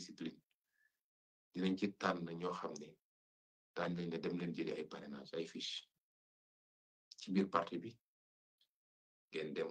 discipline dinañ ci tànn ñoo xam ne daañ lañ dem leen jëli ay parrainage ay fiche ci biir parti bi ngeen dem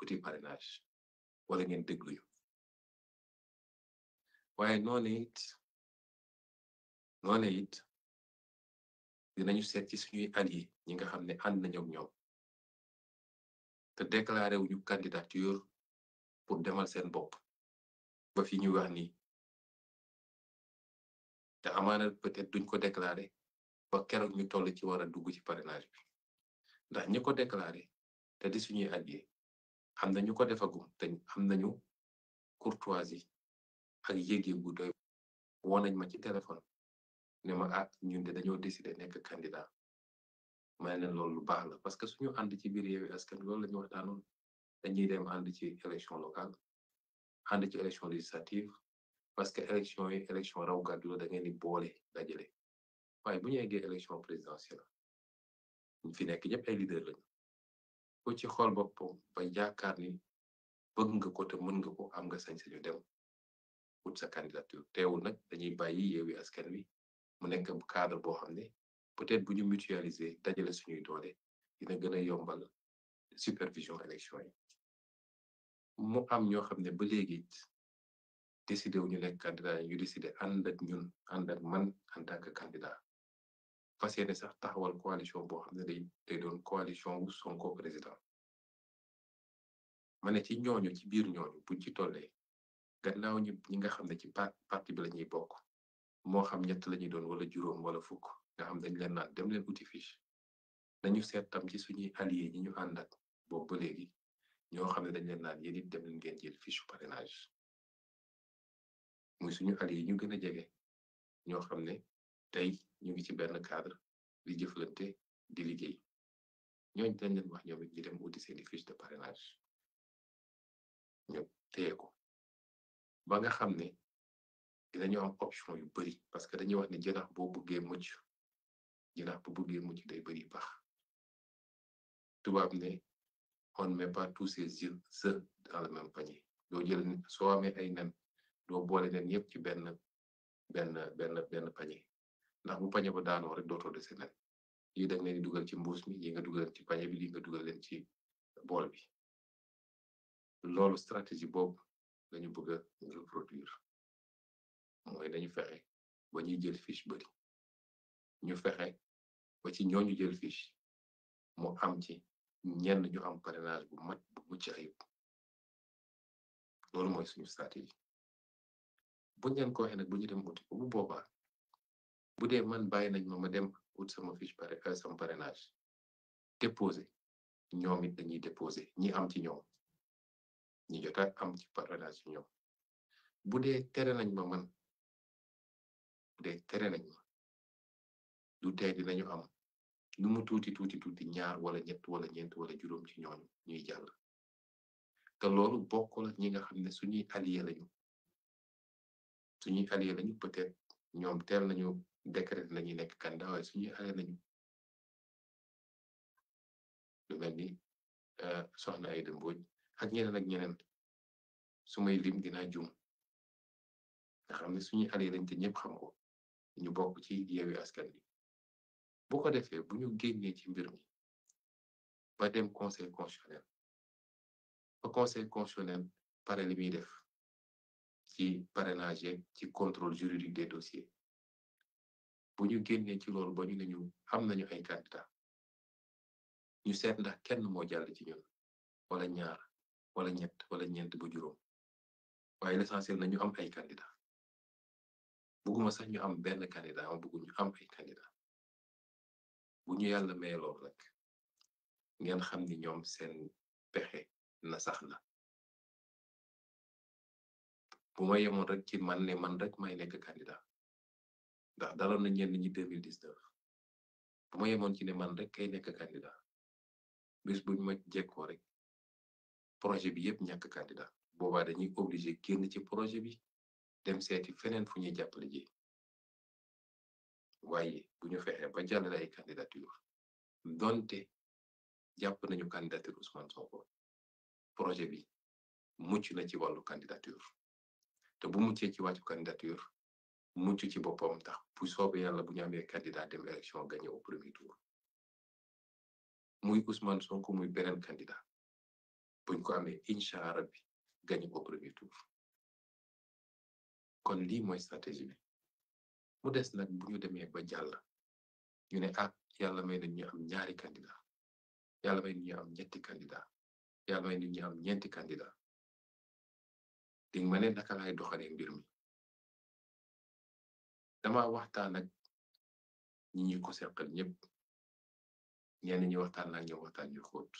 uti parrainage wala ngeen déglu ñu waaye noone it noone it dinañu seet ci suñuy alliés ñi nga xam ne ànd nañu ak ñoom te déclaré wuñu candidature pour demal seen bopp ba fi ñu wax ni te amaana peut-être duñ ko déclarer ba keroog ñu toll ci war a dugg ci parrainage bi ndax ñu ko déclarer te di suñuy alliés am na ñu ko defagum te am nañu courtoisie ak yéegee bu doy woo nañ ma ci téléphone ne ma ah ñun de dañoo décider nekk candidat may loolu lu baax la parce que suñu ànd ci biir Yewwi Askan Wi loolu la ñu waxtaanoon dañuy dem ànd ci élection locale ànd ci élection législative parce que élection yi élection raw gàddu la da ngeen di boole dajale waaye bu ñu eggee élection présidentielle ñu fi nekk ñëpp ay leader lañu ko ci xool boppam ba yaakaar ni bëgg nga ko te mën nga ko am nga sañ-sañu dem wut sa candidature teewul nag dañuy bàyyi yeewi askan wi mu nekk cadre boo xam ne peut-être bu ñu mutualiser dajale suñuy doole dina gën a yombal supervision élection yi mu am ñoo xam ne ba léegi décidé wuñu ñu candidat yi décidé and ak ñun and ak man en tant que candidat fas yéene sax taxawal coalition bo xam day day doon coalition wu son ko président mané ci ñooñu ci biir ñooñu bu ci tollé gannaaw ñu ñi nga xam ci parti bi lañuy bok mo xam ñett lañuy doon wala juroom wala fukk nga xam dañ leen naan dem leen uti fiche nañu seet tam ci suñuy alliés ñi ñu ànd ak boobu ba léegi ñoo xam ne dañ leen naan yéen it dem leen ngeen jël fiche parrainage muy suñu at yi ñu gën a jege ñoo xam ne tey ñu ngi ci benn cadre di jëflante di liggéey ñooñu dañ leen wax ñoom it ñu dem uti seeni fiche de parrainage ñu téye ko ba nga xam ne dinañu am option yu bari parce que dañuy wax ne jënax boo buggee mucc jënax bu buggee day bari baax tubaab ne on ne met pas tous ses œufs dans le même panier jël soo ame ay nen doo boole leen yëpp ci benn benn benn benn pañe ndax bu pañe ba daanoo rek dootoo dese leen yi da nga dugal ci mbuus mi yi nga dugal ci pañe bi li nga dugal leen ci bool bi loolu stratégie boobu lañu bëgg a reproduire mooy dañu fexe ba ñuy jël fiche bari ñu fexe ba ci ñooñu jël fiche mu am ci ñenn ñu am parrainage bu mat bu mucc ayib loolu mooy suñu stratégie buñ leen ko waxee nag bu ñu dem uti ko bu boobaa bu dee man bàyyi nañ ma ma dem ut sama fiche pare euh, sama parrainage déposé ñoom it dañuy déposé ñi am ci ñoom ñi jot a am ci parrainage ci ñoom bu dee tere nañ ma man bu tere nañ ma du tey dinañu am nu mu tuuti tuuti tuuti ñaar wala ñett wala ñeent wala juróom ci ñooñu ñuy jàll te loolu bokkul ñi nga xam ne suñuy allié suñuy allié lañu peut ñoom teel nañu décréter lañuy nekk candidat waaye suñuy allié lañu lu mel ni euh, soxna Aïda Mbodj ak ñeneen ak ñeneen sumay may lim dinaa juum nga xam ne suñuy allié lañ te ñëpp xam ko ñu bokk ci yeewi askan bi bu ko defee bu ñu génnee ci mbir mi ba dem conseil constitutionnel ba conseil constitutionnel pare li muy def ci parrainage ci contrôle juridique des dossiers bu ñu génnee ci loolu ba ñu ne ñu am nañu ay candidat ñu seet ndax kenn moo jàll ci ñun wala ñaar wala ñett wala ñeent ba juróom waaye l'essentiel na ñu am ay candidat bëgguma sax ñu am benn candidat ma bëggu ñu am ay candidat bu ñu yàlla may loolu nag ngeen xam ni ñoom seen pexe na sax na bu ma yemoon rek ci man ne man rek may nekk candidat ndax daloon na ñenn ñi 2019 bu ma yemoon ci ne man rek kay nekk candidat bis buñ ma jekkoo rek projet bi yëpp ñàkk candidat boobaa dañuy obligé génn ci projet bi dem seeti feneen fu ñuy jàppale ji waaye bu ñu fexee ba jàllale ay candidature donte jàpp nañu candidature Ousmane Sonko projet bi mucc na ci wàllu candidature te bu muccee ci wàccu candidature mucc ci boppam tax bu soobee yàlla bu ñu amee candidat dem élection gagné au premier tour muy Ousmane Sonko muy beneen candidat buñ ko amee incha rabbi gagné au premier tour kon lii mooy stratégie bi mu des nag bu ñu demee ba jàll ñu ne ah yàlla may ñu am ñaari candidat yàlla may ñu am ñeenti candidat di ma ne naka laay doxalee mbir mi dama waxtaan ak ñi ñu ko seqal ñi waxtaan naa ñoom waxtaan ñu xóot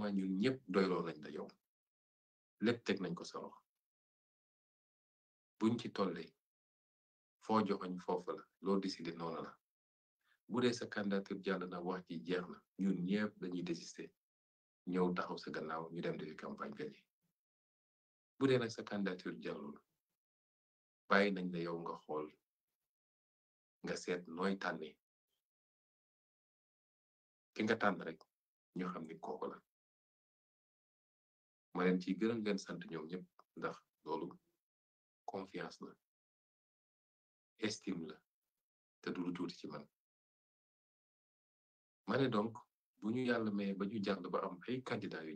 ma ñun ñëpp doyloo nañ la yow lépp teg nañ ko sa buñ ci tollee foo joxoñ foofu la loo décidé noonu la bu dee sa candidature jàll na wax ji jeex ñun ñëpp dañuy désister ñëw taxaw sa gannaaw ñu dem defi campagne gañe bu dee nag sa candidature jàllul bàyyi nañ la yow nga xool nga seet nooy tànnee ki nga tànn rek ñu xam ne kooku la ma leen ciy gërëm leen sant ñoom ñëpp ndax loolu confiance la estime la te du lu tuuti ci man ma donc bu ñu yàlla maye ba ñu jàll ba am ay candidat yu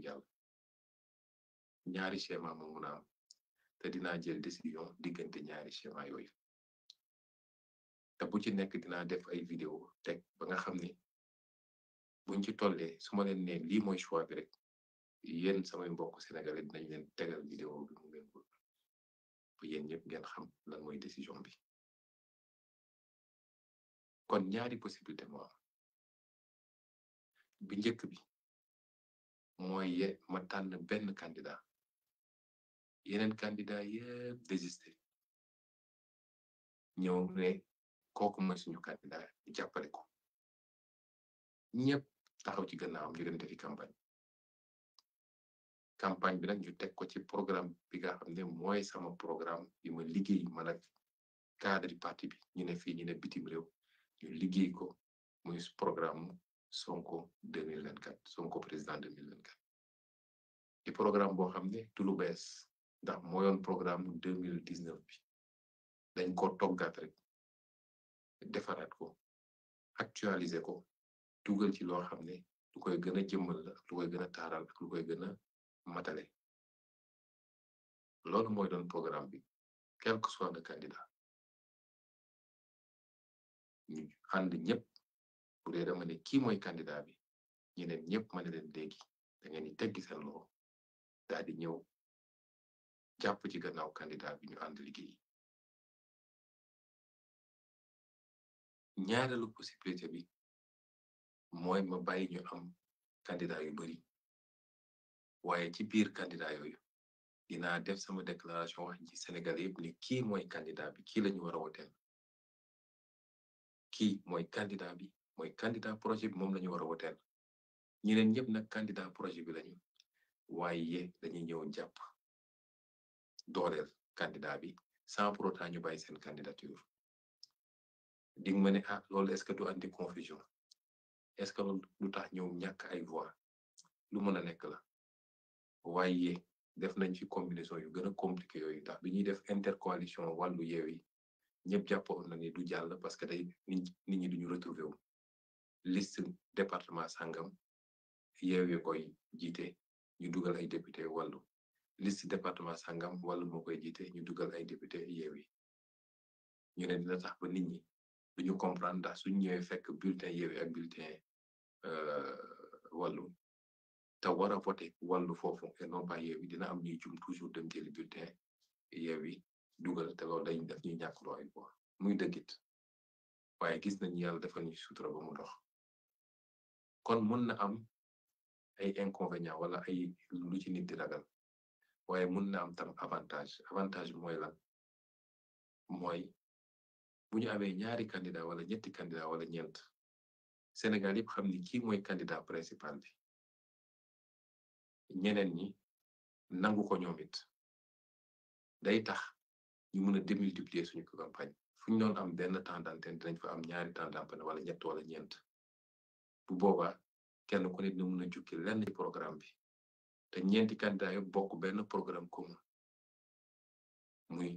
ñaari schéma ma mun a am te dinaa jël décision diggante ñaari schéma yooyu te bu ci nekk dinaa def ay vidéo teg ba nga xam ne buñ ci tollee su ma leen ne lii mooy choix bi rek yéen samay mbokk sénégalais dinañ leen tegal vidéo bi mu ngeen ko ba yéen ñëpp ngeen xam lan mooy décision bi kon ñaari possibilité moo am bi njëkk bi mooy ma tànn benn candidat yenen candidat yeb desisté ñëw ne kooku ma suñu candidat jappalé ko ñepp taxaw ci gannaawam ñu dem defi campagne campagne bi nak ñu tek ko ci programme bi nga xamné moy sama programme bi ma liggéey ma nak cadre parti bi ñu ne fi ñu ne bitim rew ñu liggéey ko muy programme Sonko 2024 Sonko président 2024 ci programme bo xamné ne lu ndax mooyoon programme mu deux mille dix neuf bi dañ ko toggaat rek defaraat ko actualiser ko dugal ci loo xam ne lu koy gën a jëmmal la ak lu koy gën a taaral ak lu koy gën a matale loolu mooy doon programme bi quel que soit le candidat ñu ànd ñëpp bu dee ne kii mooy candidat bi ñeneen ñëpp ma ne leen léegi da loxo daal ñëw jàpp ci gannaaw candidat bi ñu ànd liggéey ñaareelu possibilité bi mooy ma bàyyi ñu am candidat yu bari waaye ci biir candidat yooyu dinaa def sama déclaration wax ci Sénégal yëpp ni kii mooy candidat bi kii lañu war a woteel kii mooy candidat bi mooy candidat projet bi moom lañu war a woteel ñeneen ñëpp nag candidat projet bi lañu waaye dañuy ñëw jàpp dooleel candidat bi sans pour autant ñu bàyyi seen candidature di nga ma ne ah loolu est-ce que du andi confusion est-ce que loolu du tax ñëw ñàkk ay voix lu mën a nekk la waaye def nañ fi combinaison yu gën a compliqué yooyu ndax bi ñuy def intercoalition wàllu yeew yi ñëpp jàppoon na ni du jàll parce que day nit ñi duñu retrouver wu liste département sàngam yeew yi koy jiite ñu dugal ay député wàllu liste département sangam wala moo koy jiite ñu dugal ay député Yewwi ñu ne dina tax ba nit ñi duñu comprendre ndax suñ ñëwee fekk bulletin Yewwi ak bulletin euh, wàllu te war a voté wàllu foofu et non dina am ñuy jum toujours dem jëli bulletin Yewwi dugal te loolu dañ def ñuy ñàkk ay muy dëggit waaye gis nañu yàlla defal ñu sutura ba mu dox kon mën na am ay inconvénients wala ay lu ci nit di ragal waaye mun na am tam avantage avantage mooy lan mooy bu ñu amee ñaari candidat wala ñetti candidat wala ñeent Sénégal yëpp xam ni kii mooy candidat principal bi ñeneen ñi nangu ko ñoom it day tax ñu mën a démultiplier suñu ko campagne fu ñu doon am benn temps d'antenne dinañ fa am ñaari temps d'antenne wala ñett wala ñeent bu boobaa kenn ku nit dina mën a jukki lenn programme bi te ñeenti candidat bokk benn programme commun muy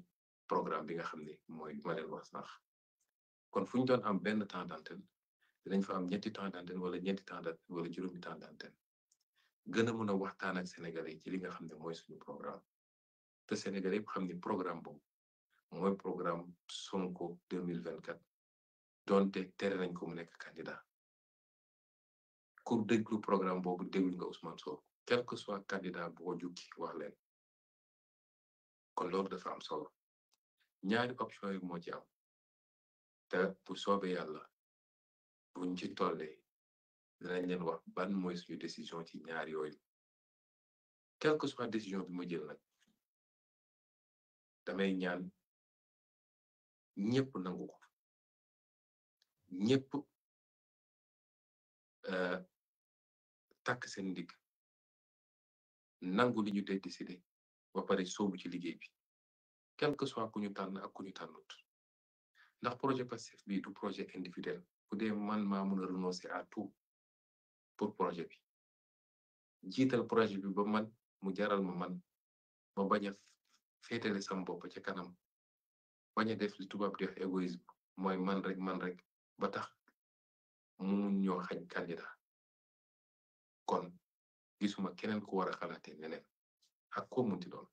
programme bi nga xam ne mooy ma leen wax sax kon fu ñu doon am benn temps d'antenne dinañ fa am ñetti temps d'antenne wala ñeenti temps d'antenne wala juróomi temps d'antenne gën a mën a waxtaan ak Sénégalais yi ci li nga xam ne mooy suñu programme te Sénégalais yëpp xam ni programme boobu mooy programme Sonko 2024 donte tere nañ ko mu nekk candidat ku déglu programme boobu déglu nga Ousmane Sonko quel que soit candidat boo jukki wax kon loolu dafa am solo ñaari option yi moo ci am te bu soobee yàlla buñ ci tollee dinañ leen wax ban mooy suñu ci ñaar yooyu quel soit décision bi ma jël nag damay ñaan ñëpp nangu ko ñëpp euh, Tak seen ndigg nangu li ñu dee décidé ba paré soobu ci liggéey bi quel kan que soit ku ñu tànn ak ku ñu ndax projet passif bi du projet individuel bu dé man ma mëna renoncer à tout pour projet bi jital projet bi ba man mu jaral ma man ba baña a féetale sam bop ci kanam baña def li tubab di égoïsme moy man rek man rek ba tax mu ñoo xañ candidat kon suma keneen ku war a xalaatee neneen ak koo munti doon